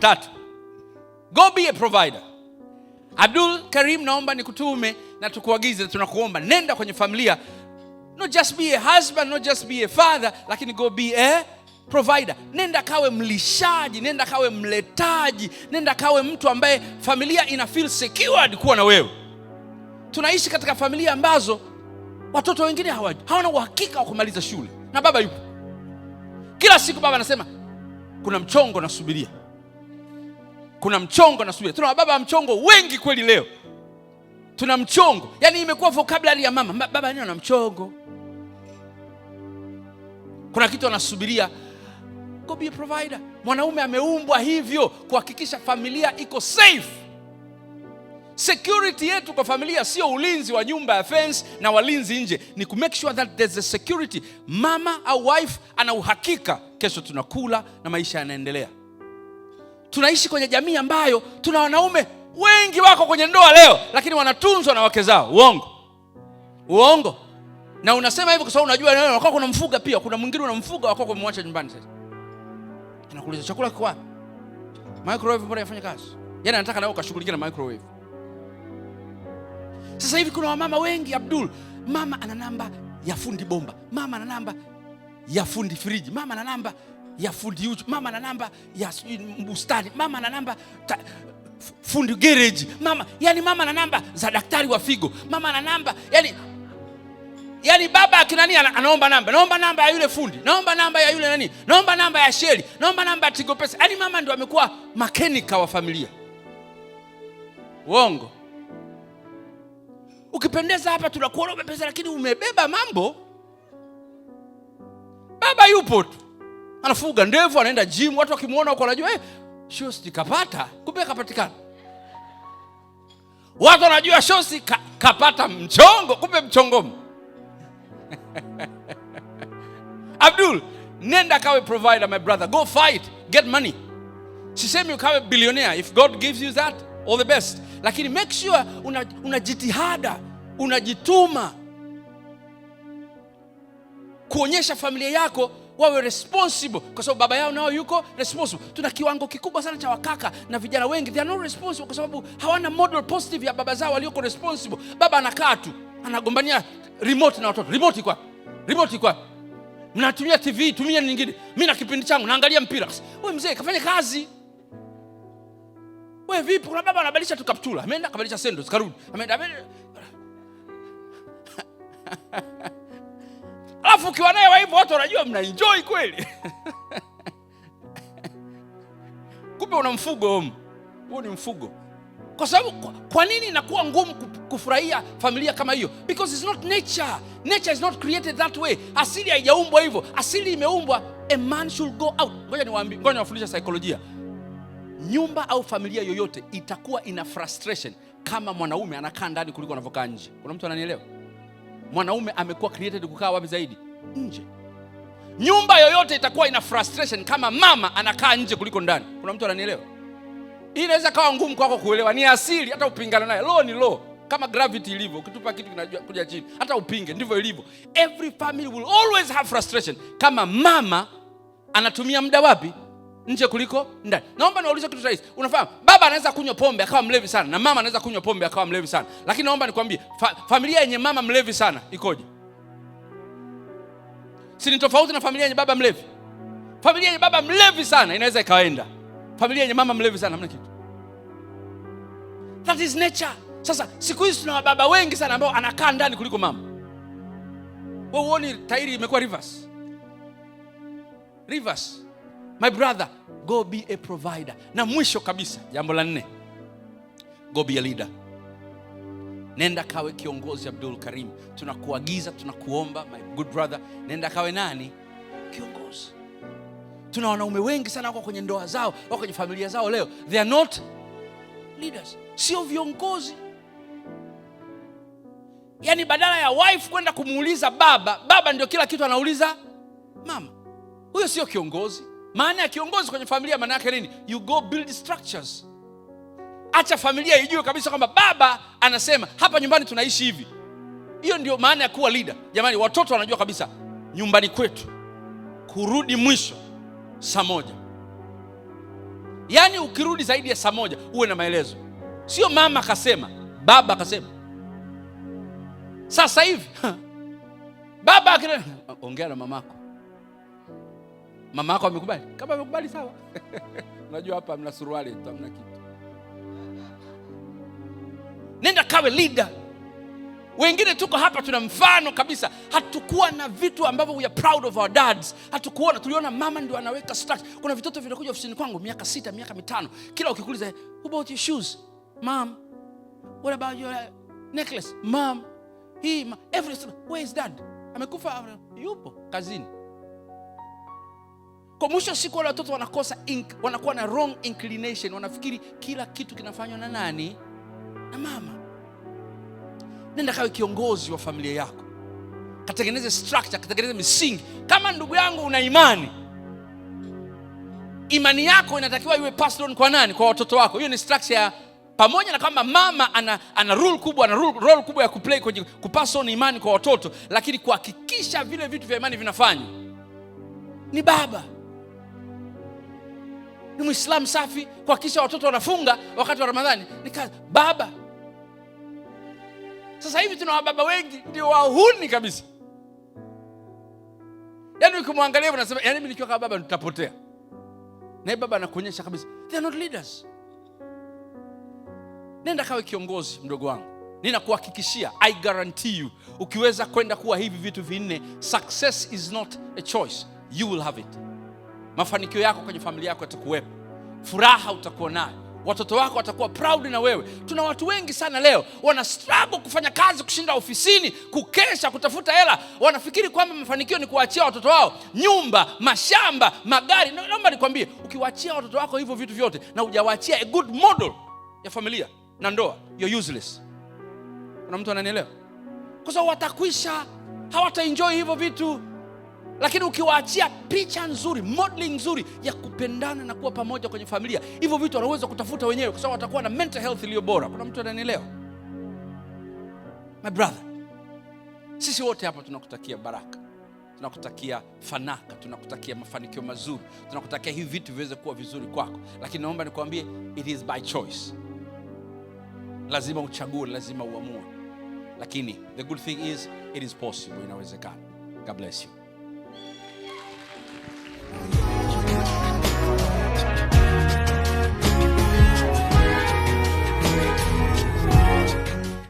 watatu. Go be a provider. Abdul Karim, naomba nikutume na tukuagize, tunakuomba nenda kwenye familia, not just be a husband, not just be a father, lakini go be a provider. Nenda kawe mlishaji, nenda kawe mletaji, nenda kawe mtu ambaye familia ina feel secured kuwa na wewe. Tunaishi katika familia ambazo watoto wengine hawana uhakika wa kumaliza shule na baba yupo kila siku, baba anasema kuna mchongo nasubiria kuna mchongo na subira. Tuna wababa mchongo wengi kweli leo, tuna mchongo, yaani imekuwa vocabulary ya mama. Baba ni ana mchongo, kuna kitu anasubiria. Go be a provider. Mwanaume ameumbwa hivyo kuhakikisha familia iko safe. Security yetu kwa familia sio ulinzi wa nyumba ya fence na walinzi nje, ni ku make sure that there's a security. Mama au wife ana uhakika kesho tunakula na maisha yanaendelea. Tunaishi kwenye jamii ambayo tuna wanaume wengi wako kwenye ndoa leo, lakini wanatunzwa na wake zao. Uongo, uongo. Na unasema hivyo kwa sababu unajua wewe wako kuna mfuga pia, kuna mwingine unamfuga wako kwa mwacha nyumbani. Sasa anakuuliza chakula kiko wapi? Microwave bora ifanye kazi. yani anataka nawe ukashughulike na microwave. Sasa hivi kuna wamama wengi Abdul, mama ana namba ya fundi bomba, mama ana namba ya fundi friji, mama ana namba ya fundi uji, mama na namba ya bustani, mama na namba ta, fundi gereji, mama yani mama na namba za daktari wa figo, mama na namba yani yani baba akina nani anaomba namba, naomba namba ya yule fundi, naomba namba ya yule nani, naomba namba ya Sheli, naomba namba ya Tigo Pesa. Yani mama ndio amekuwa makenika wa familia. Uongo. Ukipendeza hapa tunakuona umepesa, lakini umebeba mambo. Baba yupo tu anafuga ndevu, anaenda jimu, watu wakimwona huko wanajua eh, shosi kapata, kumbe kapatikana. Watu wanajua shosi ka, kapata mchongo, kumbe mchongomo. Abdul, nenda kawe provider, my brother, go fight, get money. Sisemi ukawe billionaire, if God gives you that all the best, lakini make sure unajitihada, una jitihada unajituma kuonyesha familia yako wawe responsible, kwa sababu baba yao nao yuko responsible. Tuna kiwango kikubwa sana cha wakaka na vijana wengi, they are not responsible kwa sababu hawana model positive ya baba zao walioko responsible. Baba anakaa tu anagombania remote na watoto. Remote kwa remote kwa mnatumia TV, tumia nyingine. Mimi na kipindi changu naangalia mpira. Wewe mzee, kafanye kazi. Wewe vipi? Kuna baba anabadilisha tu kaptula, ameenda kabadilisha sendo, karudi ameenda alafu ukiwa naye waimbo watu wanajua mna enjoy kweli. Kumbe una mfugo om, huo ni mfugo. Kwa sababu kwa kwa nini inakuwa ngumu kufurahia familia kama hiyo? Because it's not nature. Nature is not created that way. Asili haijaumbwa hivyo. Asili imeumbwa a man should go out. Ngoja niwaambie, ngoja niwafundisha saikolojia. Nyumba au familia yoyote itakuwa ina frustration kama mwanaume anakaa ndani kuliko anavyokaa nje. Kuna mtu ananielewa? Mwanaume amekuwa created kukaa wapi zaidi? nje. Nyumba yoyote itakuwa ina frustration kama mama anakaa nje kuliko ndani. Kuna mtu ananielewa? Hii inaweza kawa ngumu kwako kuelewa, ni asili, hata upingana naye. Law ni law, kama gravity ilivyo, ukitupa kitu kinakuja chini, hata upinge, ndivyo ilivyo. Every family will always have frustration kama mama anatumia muda wapi nje kuliko ndani. Naomba niwaulize kitu rahisi. Unafahamu baba anaweza kunywa pombe akawa mlevi sana na mama anaweza kunywa pombe akawa mlevi sana, lakini naomba nikwambie fa familia yenye mama mlevi sana ikoje? si ni tofauti na familia yenye baba mlevi? Familia yenye baba mlevi sana inaweza ikaenda, familia yenye mama mlevi sana hamna kitu. That is nature. Sasa siku hizi tuna baba wengi sana ambao anakaa ndani kuliko mama. Wewe uone tairi imekuwa reverse. Reverse. My brother, go be a provider. Na mwisho kabisa, jambo la nne, go be a leader. Nenda kawe kiongozi Abdul Karim, tunakuagiza tunakuomba, my good brother, nenda kawe nani kiongozi. Tuna wanaume wengi sana wako kwenye ndoa zao, wako kwenye familia zao leo, they are not leaders, sio viongozi. Yaani badala ya wife kwenda kumuuliza baba, baba ndio kila kitu anauliza mama. Huyo sio kiongozi. Maana ya kiongozi kwenye familia maana yake nini? You go build structures acha familia ijue kabisa kwamba baba anasema hapa nyumbani tunaishi hivi. Hiyo ndio maana ya kuwa leader. Jamani, watoto wanajua kabisa nyumbani kwetu kurudi mwisho saa moja, yaani ukirudi zaidi ya saa moja uwe na maelezo, sio mama akasema, baba akasema. Sasa hivi baba akira, ongea na mamako, mamako amekubali. Kama amekubali sawa. Unajua hapa mna suruali hamna kitu nenda kawe leader. Wengine tuko hapa tuna mfano kabisa, hatukuwa na vitu ambavyo we are proud of our dads. Hatukuona, tuliona mama ndio anaweka structure. Kuna vitoto vinakuja ofisini kwangu miaka sita, miaka mitano, kila ukikuliza who bought your shoes mom, what about your necklace mom, he ma everything, where is dad? Amekufa? Yupo kazini. Kwa mwisho siku wale watoto wanakosa ink, wanakuwa na wrong inclination, wanafikiri kila kitu kinafanywa na nani na mama. Nenda kawe kiongozi wa familia yako, katengeneze structure, katengeneze misingi. Kama ndugu yangu una imani, imani yako inatakiwa iwe passed on kwa nani? Kwa watoto wako. Hiyo ni structure ya pamoja na kwamba mama ana, ana rule kubwa ana role kubwa ya kuplay kwenye kupass on imani kwa watoto, lakini kuhakikisha vile vitu vya imani vinafanywa ni baba. Ni Muislamu safi kuhakikisha watoto wanafunga wakati wa Ramadhani ni kazi. Baba sasa hivi tuna wababa wengi ndio wahuni kabisa. Yani ukimwangalia unasema, yani mimi nikiwa kama baba nitapotea. Na baba anakuonyesha kabisa, they are not leaders. Nenda kawe kiongozi mdogo wangu, ninakuhakikishia, I guarantee you, ukiweza kwenda kuwa hivi vitu vinne, success is not a choice, you will have it. Mafanikio yako kwenye familia yako yatakuwepo, furaha utakuwa nayo watoto wako watakuwa proud na wewe. Tuna watu wengi sana leo wana struggle kufanya kazi, kushinda ofisini, kukesha, kutafuta hela. Wanafikiri kwamba mafanikio ni kuwaachia watoto wao nyumba, mashamba, magari. Naomba nikwambie, ukiwaachia watoto wako hivyo vitu vyote na hujawaachia a good model ya familia na ndoa, you're useless. Kuna mtu ananielewa? Kwa sababu watakwisha, hawataenjoy hivyo vitu lakini ukiwaachia picha nzuri, modli nzuri ya kupendana na kuwa pamoja kwenye familia, hivyo vitu wanaweza kutafuta wenyewe, kwa sababu watakuwa na mental health iliyo bora. Kuna mtu ananielewa? My brother, sisi wote hapa tunakutakia baraka, tunakutakia fanaka, tunakutakia mafanikio mazuri, tunakutakia hivi vitu viweze kuwa vizuri kwako, lakini naomba nikuambie, it is by choice. Lazima uchague, lazima uamue, lakini the good thing is it is possible, inawezekana. God bless you.